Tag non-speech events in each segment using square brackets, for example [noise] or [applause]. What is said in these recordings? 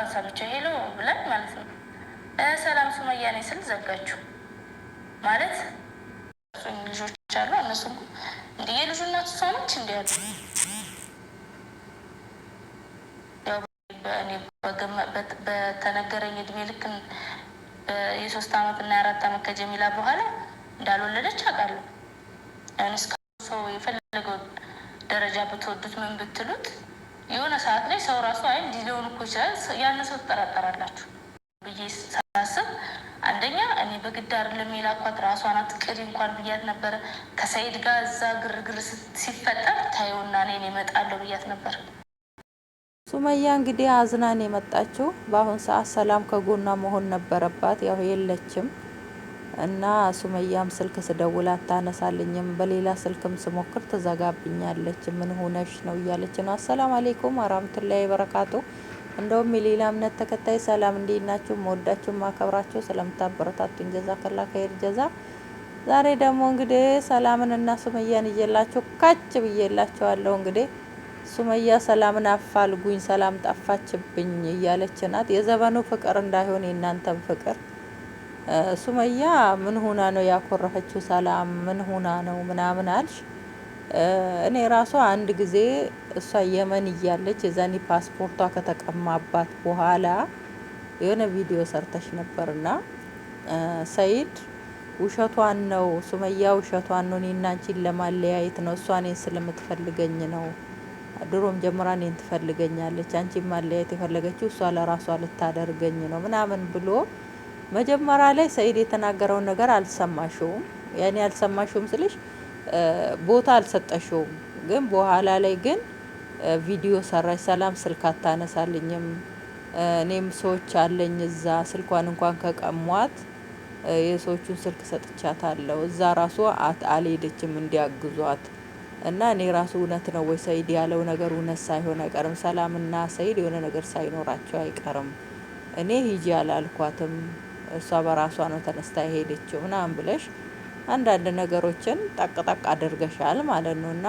አንሳሎች ሄሎ ብለን ማለት ነው። ሰላም ሱመያ ነኝ ስል ዘጋችሁ ማለት ልጆች አሉ። እነሱ እንዲ የልጁ እናት እሷ ነች እንዲ ያሉ በተነገረኝ እድሜ ልክ የሶስት አመት እና የአራት አመት ከጀሚላ በኋላ እንዳልወለደች አውቃለሁ። ሰው የፈለገው ደረጃ ብትወዱት ምን ብትሉት የሆነ ሰዓት ላይ ሰው ራሱ አይ እንዲህ እኮ ይችላል ሰው ትጠራጠራላችሁ ብዬ ሳስብ አንደኛ እኔ በግድ አይደለም የላኳት ራሷ ናት። እንኳን ብያት ነበረ። ከሰይድ ጋር እዛ ግርግር ሲፈጠር ታየውና እኔን እመጣለሁ ብያት ነበር። ሱመያ እንግዲህ አዝናን የመጣችው በአሁን ሰዓት ሰላም ከጎኗ መሆን ነበረባት። ያው የለችም። እና ሱመያም ስልክ ስደውል አታነሳልኝም፣ በሌላ ስልክም ስሞክር ትዘጋብኛለች። ምን ሆነሽ ነው እያለች ነው። አሰላም አሌይኩም ወራህመቱላሂ በረካቱ እንደውም የሌላ እምነት ተከታይ ሰላም፣ እንዴት ናችሁ? መወዳችሁ ማከብራችሁ ስለምታበረታቱኝ ጀዛ ከላ ከይር ጀዛ። ዛሬ ደግሞ እንግዲህ ሰላምን እና ሱመያን እየላችሁ ካች ብዬላችኋለሁ። እንግዲህ ሱመያ ሰላምን አፋልጉኝ፣ ሰላም ጠፋችብኝ እያለች ናት። የዘመኑ ፍቅር እንዳይሆን የእናንተም ፍቅር ሱመያ ምን ሆና ነው ያኮረፈችው? ሰላም ምን ሆና ነው ምናምን አልሽ። እኔ ራሷ አንድ ጊዜ እሷ የመን እያለች የዛኔ ፓስፖርቷ ከተቀማባት በኋላ የሆነ ቪዲዮ ሰርተሽ ነበርና ሰይድ ውሸቷን ነው ሱመያ ውሸቷን ነው፣ እኔና አንቺን ለማለያየት ነው፣ እሷ እኔን ስለምትፈልገኝ ነው፣ ድሮም ጀምራ እኔን ትፈልገኛለች፣ አንቺን ማለያየት የፈለገችው እሷ ለራሷ ልታደርገኝ ነው ምናምን ብሎ መጀመሪያ ላይ ሰኢድ የተናገረውን ነገር አልሰማሽውም። ያኔ አልሰማሽውም ስልሽ ቦታ አልሰጠሽውም። ግን በኋላ ላይ ግን ቪዲዮ ሰራሽ። ሰላም ስልክ አታነሳልኝም፣ እኔም ሰዎች አለኝ እዛ ስልኳን እንኳን ከቀሟት የሰዎቹን ስልክ ሰጥቻታለሁ። እዛ ራሱ አልሄደችም እንዲያግዟት እና እኔ ራሱ እውነት ነው ወይ ሰኢድ ያለው ነገር እውነት ሳይሆን አይቀርም። ሰላምና ሰኢድ የሆነ ነገር ሳይኖራቸው አይቀርም። እኔ ሂጂ አላልኳትም እሷ በራሷ ነው ተነስታ የሄደችው ምናምን ብለሽ አንዳንድ ነገሮችን ጠቅጠቅ አድርገሻል ማለት ነው። እና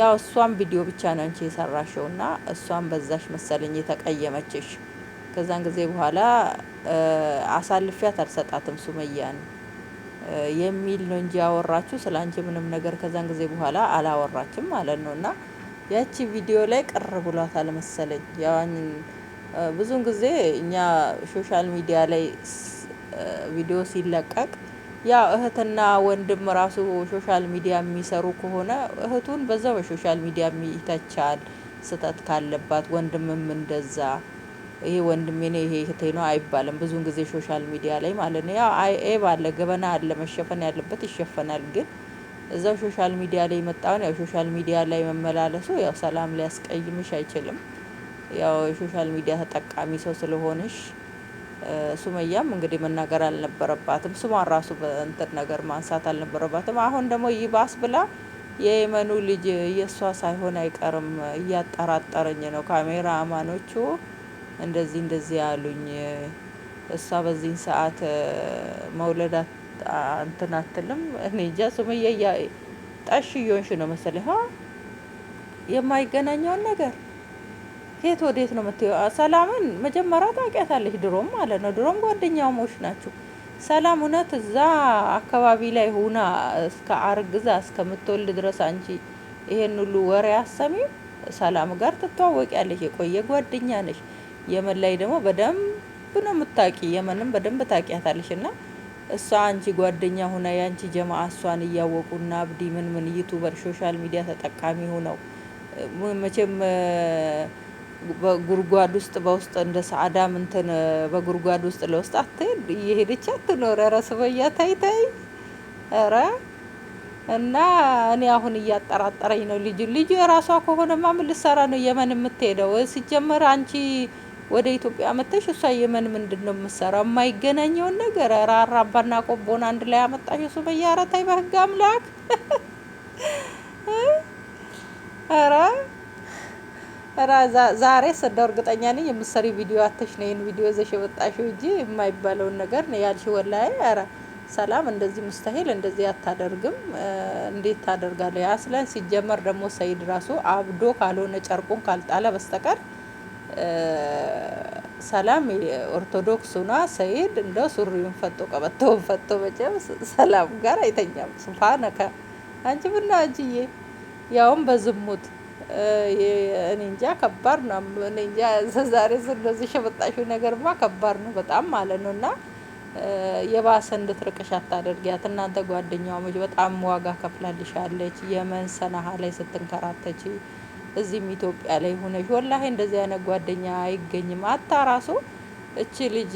ያው እሷም ቪዲዮ ብቻ ነው አንቺ የሰራሽው እና እሷም በዛሽ መሰለኝ የተቀየመችሽ። ከዛን ጊዜ በኋላ አሳልፊያት አልሰጣትም ሱመያን የሚል ነው እንጂ ያወራችሁ ስለ አንቺ ምንም ነገር ከዛን ጊዜ በኋላ አላወራችም ማለት ነው። እና ያቺ ቪዲዮ ላይ ቅር ብሏታል መሰለኝ ያዋኝ ብዙውን ጊዜ እኛ ሶሻል ሚዲያ ላይ ቪዲዮ ሲለቀቅ ያ እህትና ወንድም ራሱ ሶሻል ሚዲያ የሚሰሩ ከሆነ እህቱን በዛ በሶሻል ሚዲያ ይተቻል፣ ስህተት ካለባት ወንድምም እንደዛ። ይሄ ወንድሜ ነው ይሄ እህቴ ነው አይባልም። ብዙውን ጊዜ ሶሻል ሚዲያ ላይ ማለት ነው። ያው አይ ባለ ገበና አለ መሸፈን ያለበት ይሸፈናል። ግን እዛው ሶሻል ሚዲያ ላይ የመጣውን ያው ሶሻል ሚዲያ ላይ መመላለሱ ያው ሰላም ሊያስቀይምሽ አይችልም። ያው የሶሻል ሚዲያ ተጠቃሚ ሰው ስለሆነሽ ሱመያም እንግዲህ መናገር አልነበረባትም። ስሟን ራሱ በእንትን ነገር ማንሳት አልነበረባትም። አሁን ደግሞ ይባስ ብላ የየመኑ ልጅ የእሷ ሳይሆን አይቀርም እያጠራጠረኝ ነው፣ ካሜራ አማኖቹ እንደዚህ እንደዚህ ያሉኝ እሷ በዚህን ሰዓት መውለድ እንትን አትልም። እኔ እንጃ ሱመያ ጠሽ እየሆንሽ ነው መሰለኝ የማይገናኘውን ነገር ከየት ወዴት ነው የምትይው? ሰላምን መጀመሪያ ታውቂያታለች፣ ድሮም ማለት ነው። ድሮም ጓደኛሞች ናቸው። ሰላም እውነት እዛ አካባቢ ላይ ሁና እስከ አርግዛ እስከምትወልድ ድረስ አንቺ ይሄን ሁሉ ወሬ አሰሚም ሰላም ጋር ትተዋወቂያለሽ። የቆየ ጓደኛ ነሽ። የመን ላይ ደግሞ በደንብ ነው የምታውቂ። የመንም በደንብ ታውቂያታለሽ። እና እሷ አንቺ ጓደኛ ሁና የአንቺ ጀማ እሷን እያወቁና አብዲ ምን ምን ዩቱበር ሶሻል ሚዲያ ተጠቃሚ ሁነው መቼም በጉድጓድ ውስጥ በውስጥ እንደ ሰአዳም ምንትን በጉድጓድ ውስጥ ለውስጥ አትሄድ እየሄደች አትኖር። ረ ስበያ ታይታይ ረ እና እኔ አሁን እያጠራጠረኝ ነው። ልጁ ልጁ የራሷ ከሆነማ ምን ልትሰራ ነው የመን የምትሄደው? ሲጀመር አንቺ ወደ ኢትዮጵያ መጥተሽ እሷ የመን ምንድን ነው የምትሰራው? የማይገናኘውን ነገር ኧረ አራባና ቆቦን አንድ ላይ አመጣሽ ሱመያ። ኧረ በህግ አምላክ ኧረ ዛሬ እንደው እርግጠኛ ነኝ የምትሰሪ ቪዲዮ አተሽ ነው ይህን ቪዲዮ ይዘሽ የመጣሽው እንጂ የማይባለውን ነገር ነው ያልሽ። ወላሂ ኧረ ሰላም እንደዚህ ሙስተሂል እንደዚህ አታደርግም። እንዴት ታደርጋለህ? አስለን ሲጀመር ደግሞ ሰይድ ራሱ አብዶ ካልሆነ ጨርቁን ካልጣለ በስተቀር ሰላም ኦርቶዶክስ ና ሰይድ እንደው ሱሪውን ፈቶ ቀበቶውን ፈቶ መቼም ሰላም ጋር አይተኛም። ሱፋ ነከ አንቺ ብና አንቺዬ ያውም በዝሙት እኔ እንጃ ከባድ ነው። እኔ እንጃ ዛሬ እንደዚህ ሸበጣሽው ነገርማ ከባድ ነው በጣም ማለት ነው። እና የባሰ እንድትርቅሽ አታደርጊያት። እናንተ ጓደኛሞች በጣም ዋጋ ከፍላልሻለች። የመን ሰናሀ ላይ ስትንከራተች እዚህም ኢትዮጵያ ላይ ሆነች። ወላሂ እንደዚህ አይነት ጓደኛ አይገኝም። አታ ራሱ እቺ ልጅ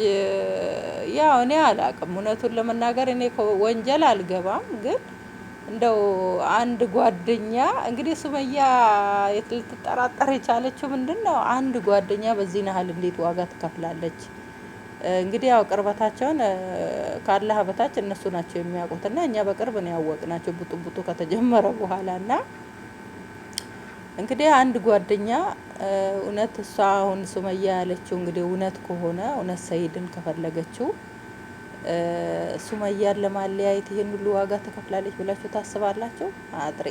ያው እኔ አላቅም። እውነቱን ለመናገር እኔ ወንጀል አልገባም ግን እንደው አንድ ጓደኛ እንግዲህ ሱመያ ልትጠራጠር የቻለችው ምንድን ነው? አንድ ጓደኛ በዚህ ያህል እንዴት ዋጋ ትከፍላለች? እንግዲህ ያው ቅርበታቸውን ካላህ በታች እነሱ ናቸው የሚያውቁት እና እኛ በቅርብ ነው ያወቅናቸው ቡጡ ከተጀመረ በኋላ እና እንግዲህ አንድ ጓደኛ እውነት እሷ አሁን ሱመያ ያለችው እንግዲህ እውነት ከሆነ እውነት ሰይድን ከፈለገችው ሱመያን ለማለያየት ይሄን ሁሉ ዋጋ ተከፍላለች ብላችሁ ታስባላችሁ? አጥሬ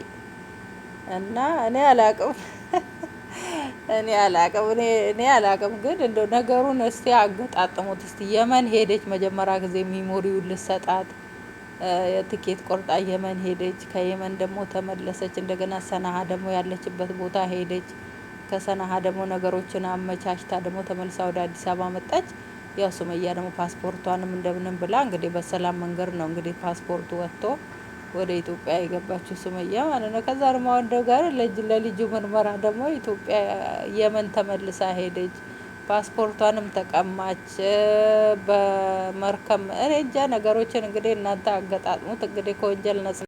እና እኔ አላቅም [laughs] እኔ አላቅም እኔ አላቅም። ግን እንደው ነገሩን እስቲ አገጣጥሙት። እስቲ የመን ሄደች መጀመሪያ ጊዜ ሚሞሪውን ልሰጣት የትኬት ቆርጣ የመን ሄደች። ከየመን ደግሞ ተመለሰች። እንደገና ሰናሀ ደግሞ ያለችበት ቦታ ሄደች። ከሰናሀ ደግሞ ነገሮችን አመቻችታ ደግሞ ተመልሳ ወደ አዲስ አበባ መጣች። ያው ሱመያ ደግሞ ፓስፖርቷንም እንደምንም ብላ እንግዲህ በሰላም መንገድ ነው እንግዲህ ፓስፖርቱ ወጥቶ ወደ ኢትዮጵያ የገባችው ሱመያ ማለት ነው። ከዛ ደግሞ ወንደው ጋር ለልጁ ምርመራ ደግሞ ኢትዮጵያ የመን ተመልሳ ሄደች። ፓስፖርቷንም ተቀማች በመርከም እኔ እንጃ ነገሮችን እንግዲህ እናንተ አገጣጥሙት እንግዲህ ከወንጀል ነጽ